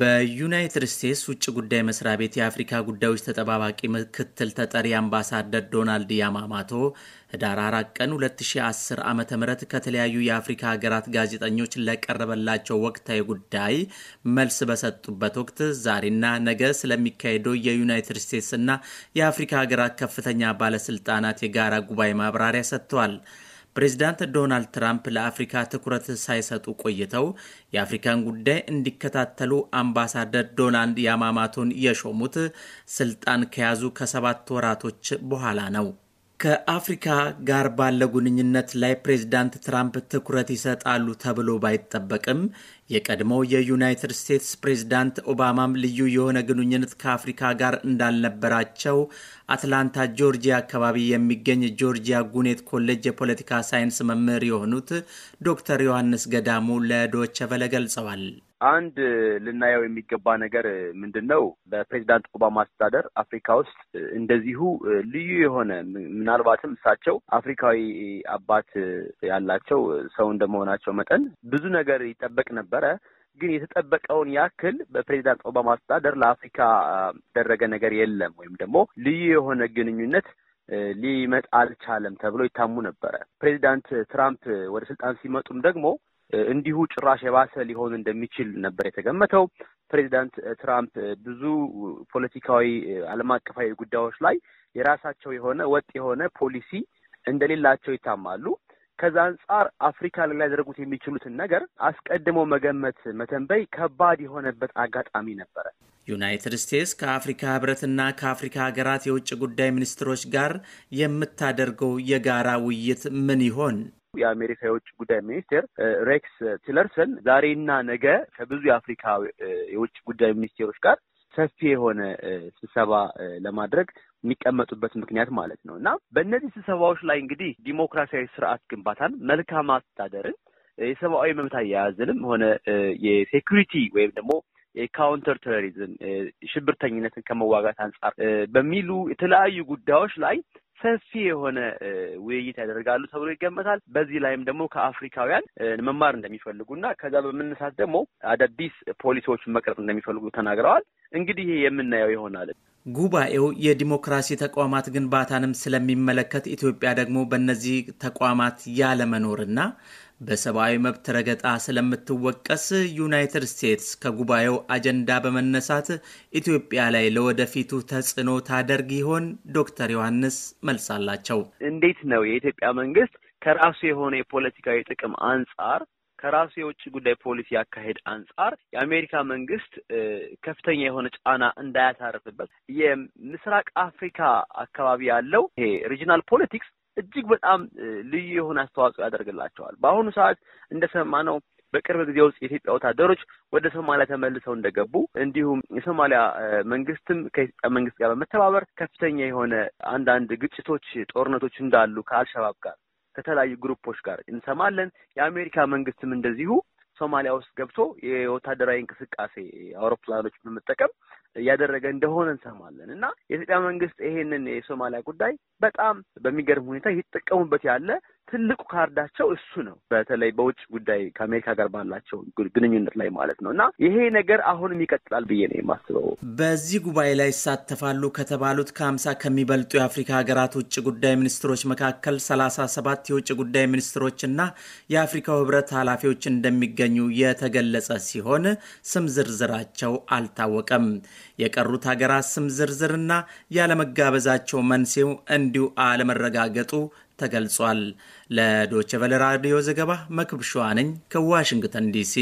በዩናይትድ ስቴትስ ውጭ ጉዳይ መስሪያ ቤት የአፍሪካ ጉዳዮች ተጠባባቂ ምክትል ተጠሪ አምባሳደር ዶናልድ ያማማቶ ህዳር 4 ቀን 2010 ዓ ም ከተለያዩ የአፍሪካ ሀገራት ጋዜጠኞች ለቀረበላቸው ወቅታዊ ጉዳይ መልስ በሰጡበት ወቅት ዛሬና ነገ ስለሚካሄደው የዩናይትድ ስቴትስና የአፍሪካ ሀገራት ከፍተኛ ባለስልጣናት የጋራ ጉባኤ ማብራሪያ ሰጥተዋል። ፕሬዚዳንት ዶናልድ ትራምፕ ለአፍሪካ ትኩረት ሳይሰጡ ቆይተው የአፍሪካን ጉዳይ እንዲከታተሉ አምባሳደር ዶናልድ ያማማቶን የሾሙት ስልጣን ከያዙ ከሰባት ወራቶች በኋላ ነው። ከአፍሪካ ጋር ባለ ግንኙነት ላይ ፕሬዚዳንት ትራምፕ ትኩረት ይሰጣሉ ተብሎ ባይጠበቅም የቀድሞው የዩናይትድ ስቴትስ ፕሬዚዳንት ኦባማም ልዩ የሆነ ግንኙነት ከአፍሪካ ጋር እንዳልነበራቸው አትላንታ ጆርጂያ አካባቢ የሚገኝ ጆርጂያ ጉኔት ኮሌጅ የፖለቲካ ሳይንስ መምህር የሆኑት ዶክተር ዮሐንስ ገዳሙ ለዶቸ ገልጸዋል። አንድ ልናየው የሚገባ ነገር ምንድን ነው? በፕሬዚዳንት ኦባማ አስተዳደር አፍሪካ ውስጥ እንደዚሁ ልዩ የሆነ ምናልባትም እሳቸው አፍሪካዊ አባት ያላቸው ሰው እንደመሆናቸው መጠን ብዙ ነገር ይጠበቅ ነበረ። ግን የተጠበቀውን ያክል በፕሬዚዳንት ኦባማ አስተዳደር ለአፍሪካ ደረገ ነገር የለም ወይም ደግሞ ልዩ የሆነ ግንኙነት ሊመጣ አልቻለም ተብሎ ይታሙ ነበረ። ፕሬዚዳንት ትራምፕ ወደ ስልጣን ሲመጡም ደግሞ እንዲሁ ጭራሽ የባሰ ሊሆን እንደሚችል ነበር የተገመተው። ፕሬዚዳንት ትራምፕ ብዙ ፖለቲካዊ፣ ዓለም አቀፋዊ ጉዳዮች ላይ የራሳቸው የሆነ ወጥ የሆነ ፖሊሲ እንደሌላቸው ይታማሉ። ከዛ አንጻር አፍሪካ ላይ ሊያደርጉት የሚችሉትን ነገር አስቀድሞ መገመት፣ መተንበይ ከባድ የሆነበት አጋጣሚ ነበረ። ዩናይትድ ስቴትስ ከአፍሪካ ህብረትና ከአፍሪካ ሀገራት የውጭ ጉዳይ ሚኒስትሮች ጋር የምታደርገው የጋራ ውይይት ምን ይሆን? የአሜሪካ የውጭ ጉዳይ ሚኒስቴር ሬክስ ቲለርሰን ዛሬና ነገ ከብዙ የአፍሪካ የውጭ ጉዳይ ሚኒስቴሮች ጋር ሰፊ የሆነ ስብሰባ ለማድረግ የሚቀመጡበት ምክንያት ማለት ነው እና በእነዚህ ስብሰባዎች ላይ እንግዲህ ዲሞክራሲያዊ ስርዓት ግንባታን፣ መልካም አስተዳደርን፣ የሰብአዊ መብት አያያዝንም ሆነ የሴኩሪቲ ወይም ደግሞ የካውንተር ቴሮሪዝም ሽብርተኝነትን ከመዋጋት አንጻር በሚሉ የተለያዩ ጉዳዮች ላይ ሰፊ የሆነ ውይይት ያደርጋሉ ተብሎ ይገመታል። በዚህ ላይም ደግሞ ከአፍሪካውያን መማር እና ከዛ በመነሳት ደግሞ አዳዲስ ፖሊሲዎችን መቅረጽ እንደሚፈልጉ ተናግረዋል። እንግዲህ የምናየው ይሆናል። ጉባኤው የዲሞክራሲ ተቋማት ግንባታንም ስለሚመለከት ኢትዮጵያ ደግሞ በእነዚህ ተቋማት ያለመኖርና በሰብአዊ መብት ረገጣ ስለምትወቀስ ዩናይትድ ስቴትስ ከጉባኤው አጀንዳ በመነሳት ኢትዮጵያ ላይ ለወደፊቱ ተጽዕኖ ታደርግ ይሆን? ዶክተር ዮሐንስ መልስ አላቸው። እንዴት ነው የኢትዮጵያ መንግስት ከራሱ የሆነ የፖለቲካዊ ጥቅም አንጻር ከራሱ የውጭ ጉዳይ ፖሊሲ አካሄድ አንጻር የአሜሪካ መንግስት ከፍተኛ የሆነ ጫና እንዳያሳርፍበት የምስራቅ አፍሪካ አካባቢ ያለው ይሄ ሪጂናል ፖለቲክስ እጅግ በጣም ልዩ የሆነ አስተዋጽኦ ያደርግላቸዋል። በአሁኑ ሰዓት እንደሰማነው በቅርብ ጊዜ ውስጥ የኢትዮጵያ ወታደሮች ወደ ሶማሊያ ተመልሰው እንደገቡ እንዲሁም የሶማሊያ መንግስትም ከኢትዮጵያ መንግስት ጋር በመተባበር ከፍተኛ የሆነ አንዳንድ ግጭቶች፣ ጦርነቶች እንዳሉ ከአልሸባብ ጋር ከተለያዩ ግሩፖች ጋር እንሰማለን። የአሜሪካ መንግስትም እንደዚሁ ሶማሊያ ውስጥ ገብቶ የወታደራዊ እንቅስቃሴ አውሮፕላኖች በመጠቀም እያደረገ እንደሆነ እንሰማለን እና የኢትዮጵያ መንግስት ይሄንን የሶማሊያ ጉዳይ በጣም በሚገርም ሁኔታ እየተጠቀሙበት ያለ ትልቁ ካርዳቸው እሱ ነው። በተለይ በውጭ ጉዳይ ከአሜሪካ ጋር ባላቸው ግንኙነት ላይ ማለት ነው እና ይሄ ነገር አሁንም ይቀጥላል ብዬ ነው የማስበው። በዚህ ጉባኤ ላይ ይሳተፋሉ ከተባሉት ከሀምሳ ከሚበልጡ የአፍሪካ ሀገራት ውጭ ጉዳይ ሚኒስትሮች መካከል ሰላሳ ሰባት የውጭ ጉዳይ ሚኒስትሮች እና የአፍሪካው ህብረት ኃላፊዎች እንደሚገኙ የተገለጸ ሲሆን ስም ዝርዝራቸው አልታወቀም። የቀሩት ሀገራት ስም ዝርዝርና ያለመጋበዛቸው መንስኤው እንዲሁ አለመረጋገጡ ተገልጿል። ለዶቸቨለ ራዲዮ ዘገባ መክብብ ነኝ ከዋሽንግተን ዲሲ